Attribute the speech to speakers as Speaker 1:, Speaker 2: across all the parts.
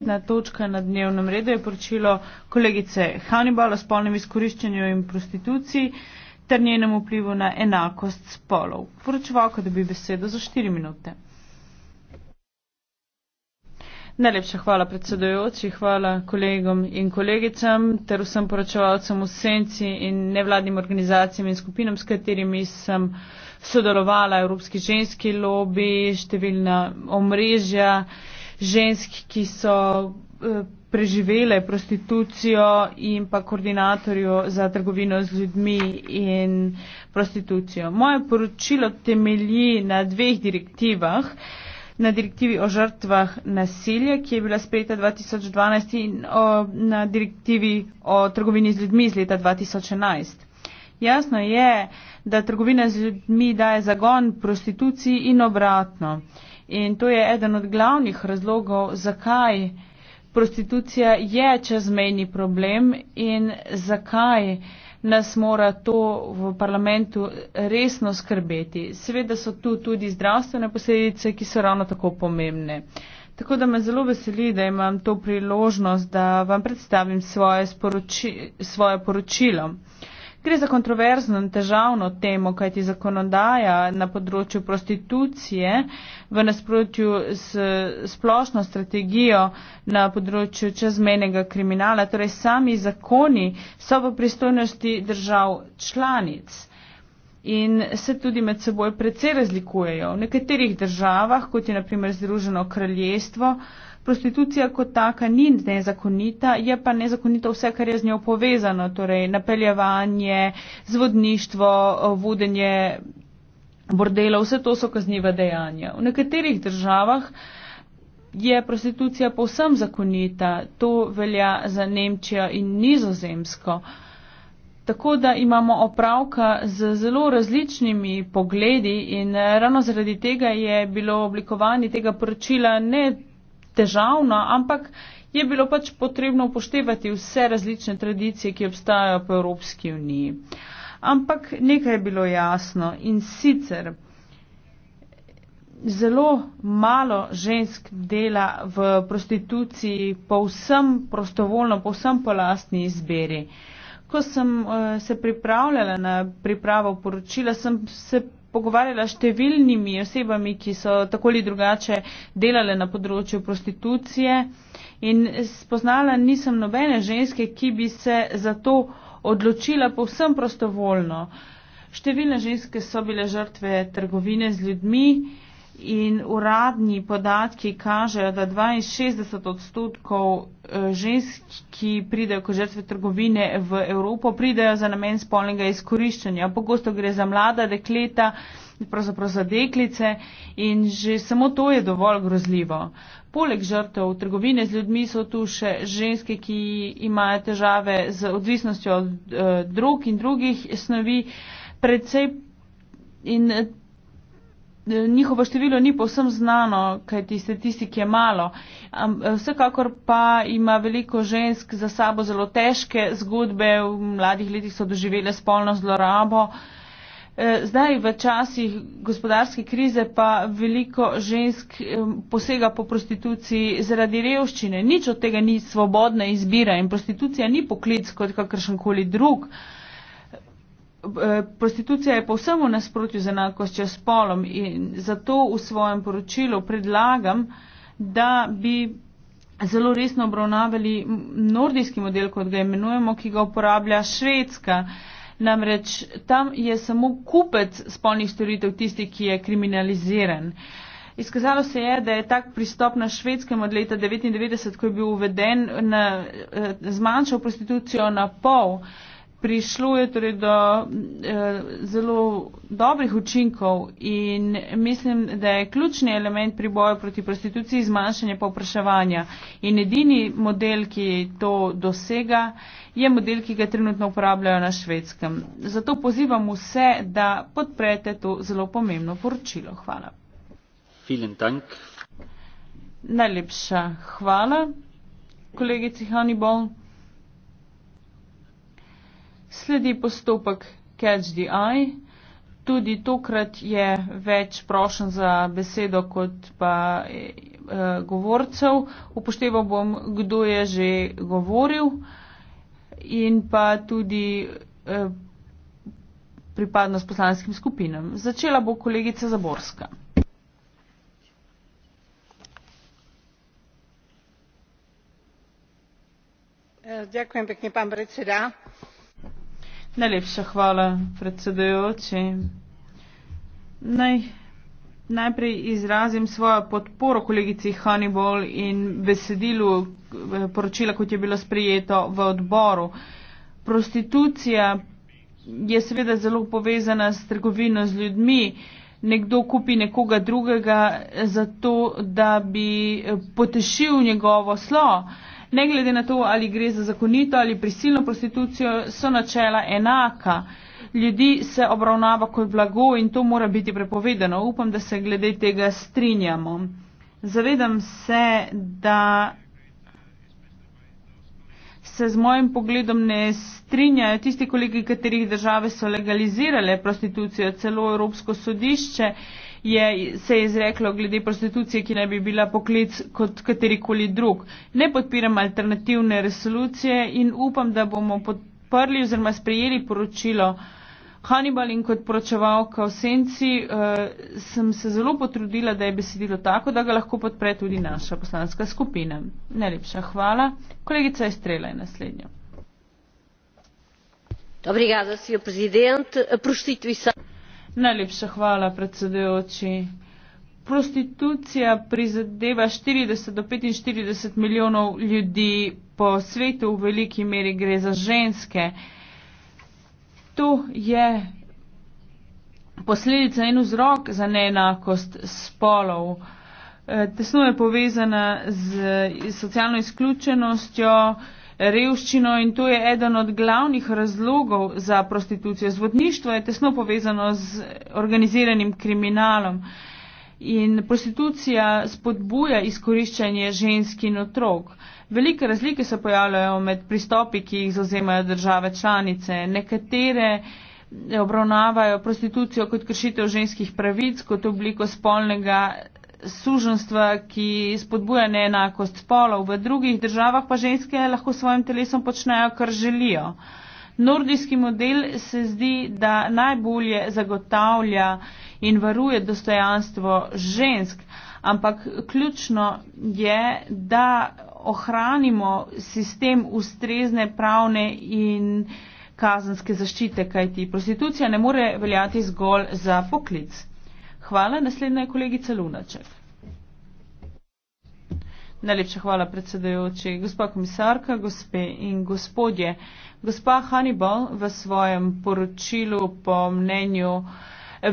Speaker 1: Na točka na dnevnem redu je poročilo kolegice Hannibal o spolnem izkoriščanju in prostituciji ter njenem vplivu na enakost spolov. Poročevalka dobi besedo za 4 minute. Najlepša hvala predsedojoči, hvala kolegom in kolegicam ter vsem poročevalcem v senci in nevladnim organizacijam in skupinam, s katerimi sem sodelovala, Evropski ženski lobby, številna omrežja žensk, ki so eh, preživele prostitucijo in pa koordinatorju za trgovino z ljudmi in prostitucijo. Moje poročilo temelji na dveh direktivah. Na direktivi o žrtvah nasilja, ki je bila sprejeta 2012 in o, na direktivi o trgovini z ljudmi iz leta 2011. Jasno je, da trgovina z ljudmi daje zagon prostituciji in obratno. Uh, In to je eden od glavnih razlogov, zakaj prostitucija je čezmejni problem in zakaj nas mora to v parlamentu resno skrbeti. Seveda so tu tudi zdravstvene posledice, ki so ravno tako pomembne. Tako da me zelo veseli, da imam to priložnost, da vam predstavim svoje, sporoči, svoje poročilo. Gre za kontroverzno in težavno temo, kajti zakonodaja na področju prostitucije v nasprotju s splošno strategijo na področju čezmenega kriminala, torej sami zakoni so v pristojnosti držav članic. In se tudi med seboj precej razlikujejo. V nekaterih državah, kot je naprimer Združeno kraljestvo, uh, prostitucija kot taka ni nezakonita, je pa nezakonito vse, kar je z njo povezano, torej napeljevanje, zvodništvo, vodenje bordela, vse to so kazniva dejanja. V nekaterih državah je prostitucija povsem zakonita, to velja za Nemčijo in nizozemsko. Tako da imamo opravka z zelo različnimi pogledi in ravno zaradi tega je bilo oblikovanje tega poročila ne težavno, ampak je bilo pač potrebno upoštevati vse različne tradicije, ki obstajajo po Evropski uniji. Ampak nekaj je bilo jasno in sicer zelo malo žensk dela v prostituciji povsem prostovoljno, povsem po lastni izbiri. Ko sem eh, se pripravljala na pripravo poročila, sem se pogovarjala s številnimi osebami, ki so tako ali drugače delale na področju prostitucije in spoznala nisem nobene ženske, ki bi se za to odločila povsem prostovoljno. Številne ženske so bile žrtve trgovine z ljudmi in uradni podatki kažejo, da 62 odstotkov e, žensk, ki pridejo kot žrtve trgovine v Evropo, pridejo za namen spolnega izkoriščanja. Pogosto gre za mlada dekleta, pravzaprav za deklice in že samo to je dovolj grozljivo. Poleg žrtev trgovine z ljudmi so tu še ženske, ki imajo težave z odvisnostjo od e, drug in drugih snovi. Predvsej in njihovo število ni povsem znano, kajti statistik je malo. Vsekakor pa ima veliko žensk za sabo zelo težke zgodbe, v mladih letih so doživele spolno zlorabo. E, zdaj v časih gospodarske krize pa veliko žensk posega po prostituciji zaradi revščine. Nič od tega ni svobodna izbira in prostitucija ni poklic kot kakršen koli drug. Eh, prostitucija je povsem v nasprotju z enakostjo spolom in zato v svojem poročilu predlagam, da bi zelo resno obravnavali nordijski model, kot ga imenujemo, ki ga uporablja Švedska. Namreč tam je samo kupec spolnih storitev tisti, ki je kriminaliziran. Izkazalo se je, da je tak pristop na švedskem od leta 1999, ko je bil uveden, na, eh, zmanjšal prostitucijo na pol prišlo je torej do eh, zelo dobrih učinkov in mislim, da je ključni element pri boju proti prostituciji zmanjšanje povpraševanja. In edini model, ki to dosega, je model, ki ga trenutno uporabljajo na švedskem. Zato pozivam vse, da podprete to zelo pomembno poročilo. Hvala. Najlepša hvala, kolegici Honeyball sledi postopek Catch the Eye. Tudi tokrat je več prošen za besedo kot pa e, e, govorcev. Upošteval bom, kdo je že govoril in pa tudi e, pripadnost poslanskim skupinam. Začela bo kolegica Zaborska. Zdaj, e, ko je pekni pan predsedaj, Najlepša hvala, predsedujoči. Naj najprej izrazim svojo podporo kolegici Hannibal in besedilu eh, poročila, kot je bilo sprejeto v odboru. Prostitucija je seveda zelo povezana s trgovino z ljudmi. Nekdo kupi nekoga drugega zato, da bi eh, potešil njegovo slovo. Ne glede na to, ali gre za zakonito ali prisilno prostitucijo, so načela enaka. Ljudi se obravnava kot blago in to mora biti prepovedano. Upam, da se glede tega strinjamo. Zavedam se, da se z mojim pogledom ne strinjajo tisti kolegi, katerih države so legalizirale prostitucijo, celo Evropsko sodišče je se je izreklo glede prostitucije, ki naj bi bila poklic kot katerikoli drug. Ne podpiram alternativne resolucije in upam, da bomo podprli oziroma sprejeli poročilo Hannibal in kot poročevalka v senci uh, sem se zelo potrudila, da je besedilo tako, da ga lahko podpre tudi naša poslanska skupina. Najlepša hvala. Kolegica Estrela je naslednja. Obrigada, senhor presidente. A prostituição. Najlepša hvala, predsedujoči. Prostitucija prizadeva 40 do 45 milijonov ljudi po svetu, v veliki meri gre za ženske. To je posledica in vzrok za neenakost spolov. Eh, tesno je povezana z socialno izključenostjo, revščino in to je eden od glavnih razlogov za prostitucijo. Zvodništvo je tesno povezano z organiziranim kriminalom in prostitucija spodbuja izkoriščanje žensk in otrok. Velike razlike se pojavljajo med pristopi, ki jih zauzemajo države članice. Nekatere obravnavajo prostitucijo kot kršitev ženskih pravic, kot obliko spolnega suženstva, ki spodbuja neenakost spolov. V drugih državah pa ženske lahko s svojim telesom počnejo, kar želijo. Nordijski model se zdi, da najbolje zagotavlja in varuje dostojanstvo žensk, ampak ključno je, da ohranimo sistem ustrezne pravne in kazenske zaščite, kajti prostitucija ne more veljati zgolj za poklic. Hvala. Naslednja je kolegica Lunaček. Najlepša hvala, predsedajoči. Gospa komisarka, gospe in gospodje. Gospa Hannibal v svojem poročilu po mnenju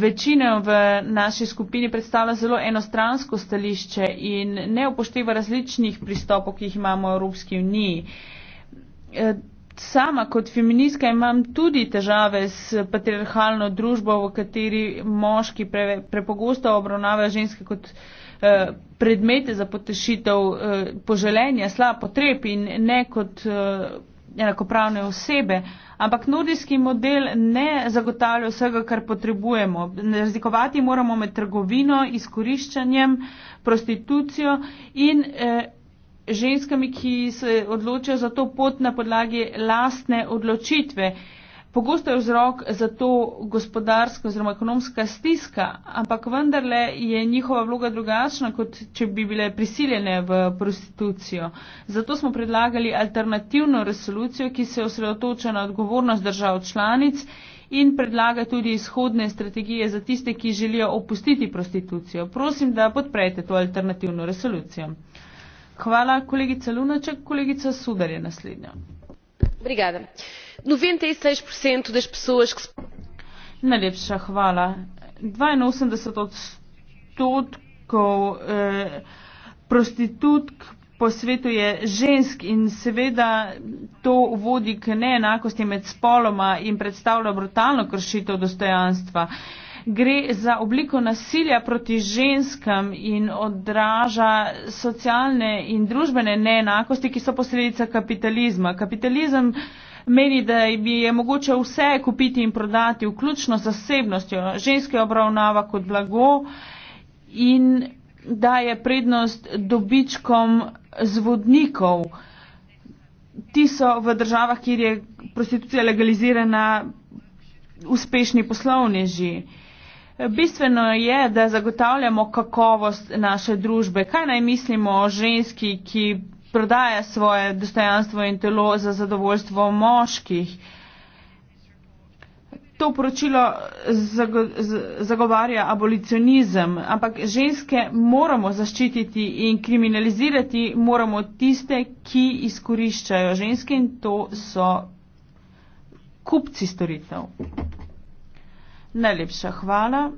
Speaker 1: večine v naši skupini predstavlja zelo enostransko stališče in ne upošteva različnih pristopov, ki jih imamo v Evropski uniji. Sama kot feministka imam tudi težave s patriarhalno družbo, v kateri moški pre, prepogosto obravnavajo ženske kot eh, predmete za potešitev eh, poželenja, slab potreb in ne kot eh, enakopravne osebe. Ampak nordijski model ne zagotavlja vsega, kar potrebujemo. Razlikovati moramo med trgovino, izkoriščanjem, prostitucijo in. Eh, ženskami, ki se odločajo za to pot na podlagi lastne odločitve. Pogosto je vzrok za to gospodarska oziroma ekonomska stiska, ampak vendarle je njihova vloga drugačna, kot če bi bile prisiljene v prostitucijo. Zato smo predlagali alternativno resolucijo, ki se osredotoča na odgovornost držav članic in predlaga tudi izhodne strategije za tiste, ki želijo opustiti prostitucijo. Prosim, da podprete to alternativno resolucijo. Hvala, kolegica Lunaček. Kolegica Sudar je naslednja.
Speaker 2: Obrigada. 96%
Speaker 1: das pessoas que se... Najlepša hvala. 82 odstotkov eh, prostitutk po svetu je žensk in seveda to vodi k neenakosti med spoloma in predstavlja brutalno kršitev dostojanstva. Eh, gre za obliko nasilja proti ženskam in odraža socialne in družbene neenakosti, ki so posledica kapitalizma. Kapitalizem meni, da bi je mogoče vse kupiti in prodati, vključno z osebnostjo. Ženske obravnava kot blago in daje prednost dobičkom zvodnikov. Ti so v državah, kjer je prostitucija legalizirana, uspešni poslovneži. Bistveno je, da zagotavljamo kakovost naše družbe. Kaj naj mislimo o ženski, ki prodaja svoje dostojanstvo in telo za zadovoljstvo moških? To poročilo zagovarja abolicionizem, ampak ženske moramo zaščititi in kriminalizirati moramo tiste, ki izkoriščajo ženske in to so kupci storitev. Najlepša hvala.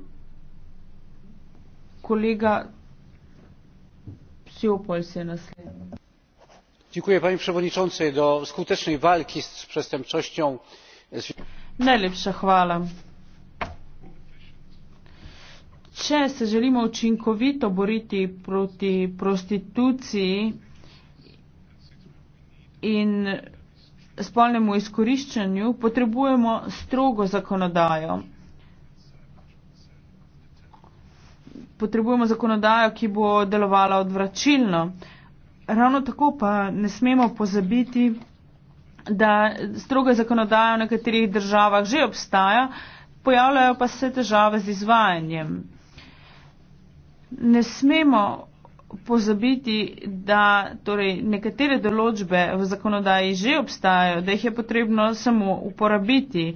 Speaker 1: Kolega Psiopol se naslednji. Dziękuję Pani Przewodniczącej do skutecznej walki z przestępczością. Najlepsza chwała. Če se želimo učinkovito boriti proti prostituciji in spolnemu izkoriščanju, potrebujemo strogo zakonodajo. potrebujemo zakonodajo, ki bo delovala odvračilno. Ravno tako pa ne smemo pozabiti, da stroga zakonodaja v nekaterih državah že obstaja, pojavljajo pa se težave z izvajanjem. Ne smemo pozabiti, da torej, nekatere določbe v zakonodaji že obstajajo, da jih je potrebno samo uporabiti.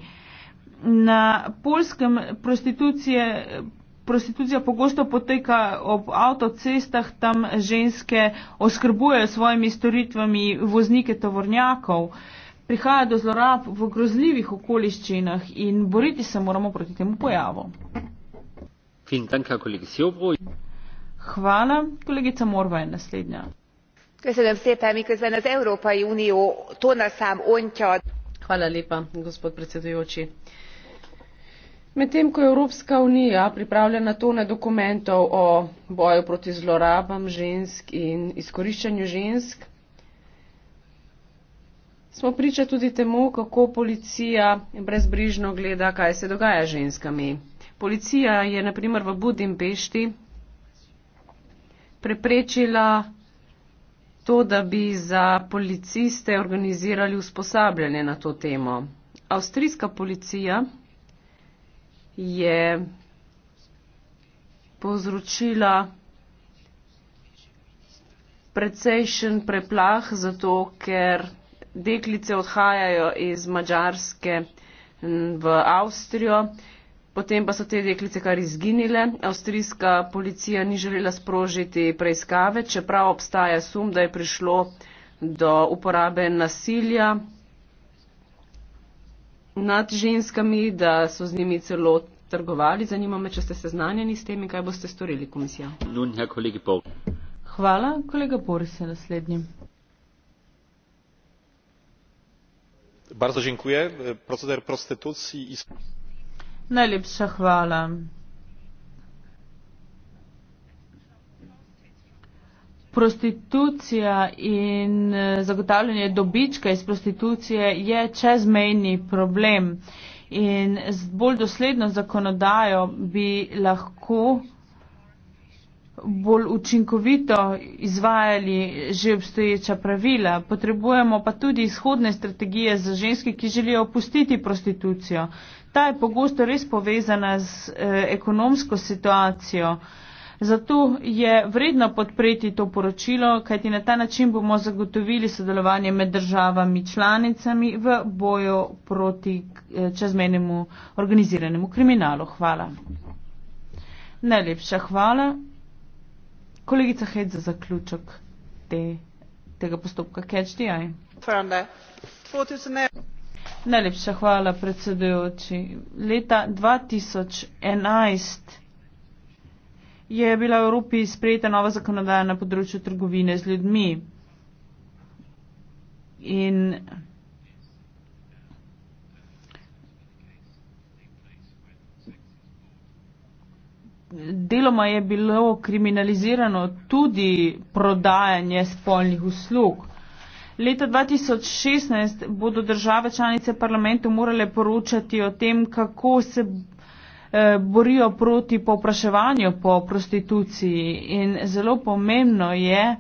Speaker 1: Na polskem prostitucije prostitucija pogosto poteka ob avtocestah, tam ženske oskrbujejo svojimi storitvami voznike tovornjakov. Prihaja do zlorab v grozljivih okoliščinah in boriti se moramo proti temu pojavu. Hvala, kolegica Morva je naslednja. Köszönöm szépen, miközben
Speaker 2: az Európai Unió tonaszám ontja. Hvala lepa, gospod predsedujoči. Medtem ko je Evropska unija pripravlja na tone dokumentov o boju proti zlorabam žensk in izkoriščanju žensk, smo priča tudi temu, kako policija brezbrižno gleda, kaj se dogaja ženskami. Policija je naprimer v Budimpešti preprečila to, da bi za policiste organizirali usposabljanje na to temo. Avstrijska policija je povzročila precejšen preplah, zato ker deklice odhajajo iz Mačarske v Avstrijo, potem pa so te deklice kar izginile. Avstrijska policija ni želela sprožiti preiskave, čeprav obstaja sum, da je prišlo do uporabe nasilja nad ženskami, da so z njimi celo trgovali. Zanima me, če ste seznanjeni s temi, kaj boste storili, komisija. Nunja, kolegi Pol.
Speaker 1: Hvala, kolega Boris, je naslednji. Najlepša hvala. prostitucija in eh, zagotavljanje dobička iz prostitucije je čezmejni problem. In z bolj dosledno zakonodajo bi lahko bolj učinkovito izvajali že obstoječa pravila. Potrebujemo pa tudi izhodne strategije za ženske, ki želijo opustiti prostitucijo. Ta je pogosto res povezana z eh, ekonomsko situacijo. Eh, Zato je vredno podpreti to poročilo, kajti na ta način bomo zagotovili sodelovanje med državami članicami v boju proti eh, čezmenjemu organiziranemu kriminalu. Hvala. Najlepša hvala. Kolegica Hed za zaključek te, tega postopka Catch the Eye. Najlepša hvala predsedujoči. Leta 2011 je bila v Evropi sprejeta nova zakonodaja na področju trgovine z ljudmi. In deloma je bilo kriminalizirano tudi prodajanje spolnih uslug. Leta 2016 bodo države članice parlamentu morale poročati o tem, kako se Eh, borijo proti povpraševanju po prostituciji in zelo pomembno je,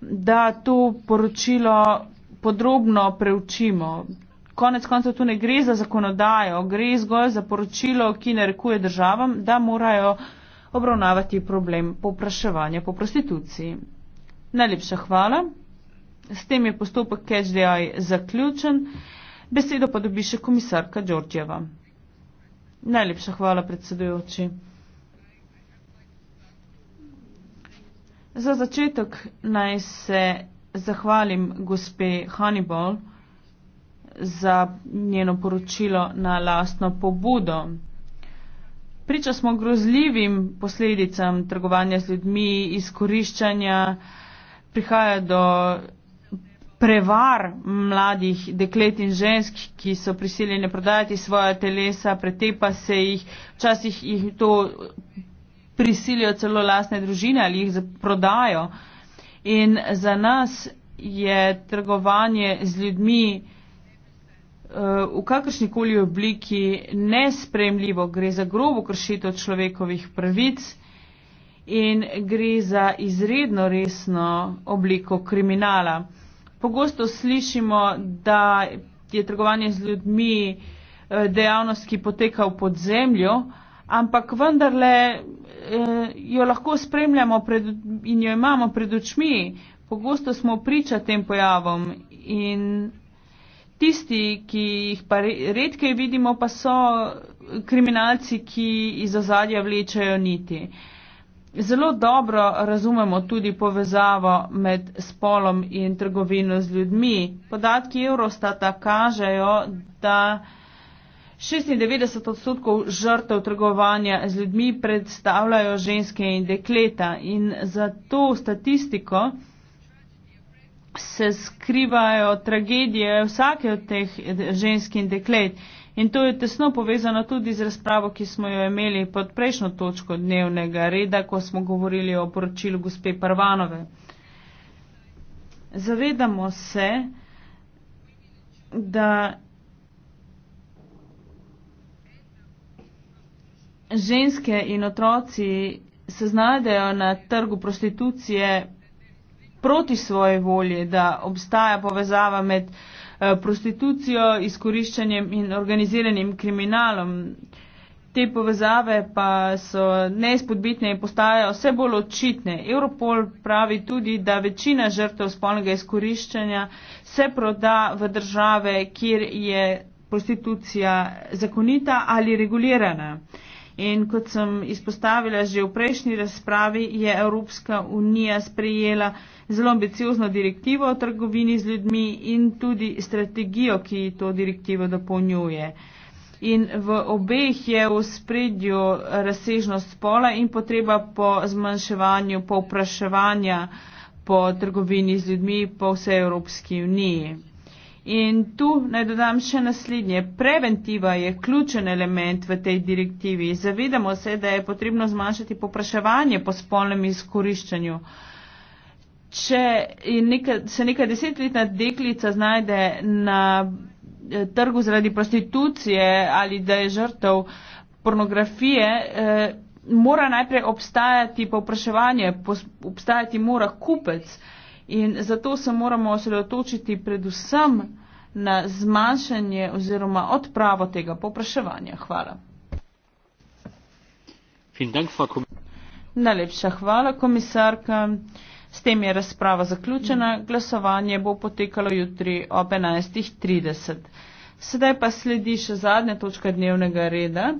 Speaker 1: da to poročilo podrobno preučimo. Konec koncev tu ne gre za zakonodajo, gre zgolj za poročilo, ki narekuje državam, da morajo obravnavati problem popraševanja po prostituciji. Najlepša hvala. S tem je postopek CHDI zaključen. Besedo pa dobi še komisarka Đorđeva. Najlepša hvala, predsedujoči. Za začetek naj se zahvalim gospe Hannibal za njeno poročilo na lastno pobudo. Priča smo grozljivim posledicam trgovanja z ljudmi, izkoriščanja, prihaja do prevar mladih deklet in žensk, ki so prisiljene prodajati svoja telesa, pretepa se jih, včasih jih to prisilijo celo lastne družine ali jih prodajo. In za nas je trgovanje z ljudmi eh, v kakršnikoli obliki nespremljivo, gre za grobo kršitev človekovih pravic in gre za izredno resno obliko kriminala. Pogosto slišimo, da je trgovanje z ljudmi eh, dejavnost, ki poteka v podzemlju, ampak vendarle eh, jo lahko spremljamo pred, in jo imamo pred očmi. Pogosto smo priča tem pojavom in tisti, ki jih pa redke vidimo, pa so kriminalci, ki iz ozadja vlečajo niti. Uh, zelo dobro razumemo tudi povezavo med spolom in trgovino z ljudmi. Podatki Eurostata kažejo, da 96 odstotkov žrtev trgovanja z ljudmi predstavljajo ženske in dekleta in za to statistiko se skrivajo tragedije vsake od teh žensk in deklet. In to je tesno povezano tudi z razpravo, ki smo jo imeli pod prejšnjo točko dnevnega reda, ko smo govorili o poročilu gospe Parvanove. Zavedamo se, da ženske in otroci se znajdejo na trgu prostitucije proti svoje volje, da obstaja povezava med uh, Eh, prostitucijo, izkoriščanjem in organiziranim kriminalom. Te povezave pa so neizpodbitne in postajajo vse bolj očitne. Europol pravi tudi, da večina žrtev spolnega izkoriščanja se proda v države, kjer je prostitucija zakonita ali regulirana. In kot sem izpostavila že v prejšnji razpravi, je Evropska unija sprejela zelo ambiciozno direktivo o trgovini z ljudmi in tudi strategijo, ki to direktivo dopolnjuje. In v obeh je v spredju razsežnost spola in potreba po zmanjševanju povpraševanja po trgovini z ljudmi po vsej Evropski uniji. In tu naj dodam še naslednje. Preventiva je ključen element v tej direktivi. Zavedamo se, da je potrebno zmanjšati popraševanje po spolnem izkoriščanju. Uh, če neka, se neka desetletna deklica znajde na eh, trgu zaradi prostitucije ali da je žrtev pornografije, eh, mora najprej obstajati povpraševanje, obstajati mora kupec in zato se moramo osredotočiti predvsem na zmanjšanje oziroma odpravo tega povpraševanja. Hvala. Najlepša hvala, komisarka. S tem je razprava zaključena, glasovanje bo potekalo jutri ob 11.30. Sedaj pa sledi še zadnja točka dnevnega reda.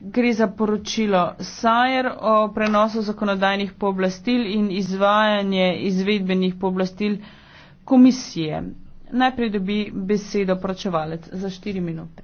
Speaker 1: Gre za poročilo Sajer o prenosu zakonodajnih pooblastil in izvajanje izvedbenih pooblastil komisije. Najprej dobi besedo pročevalec za štiri minute.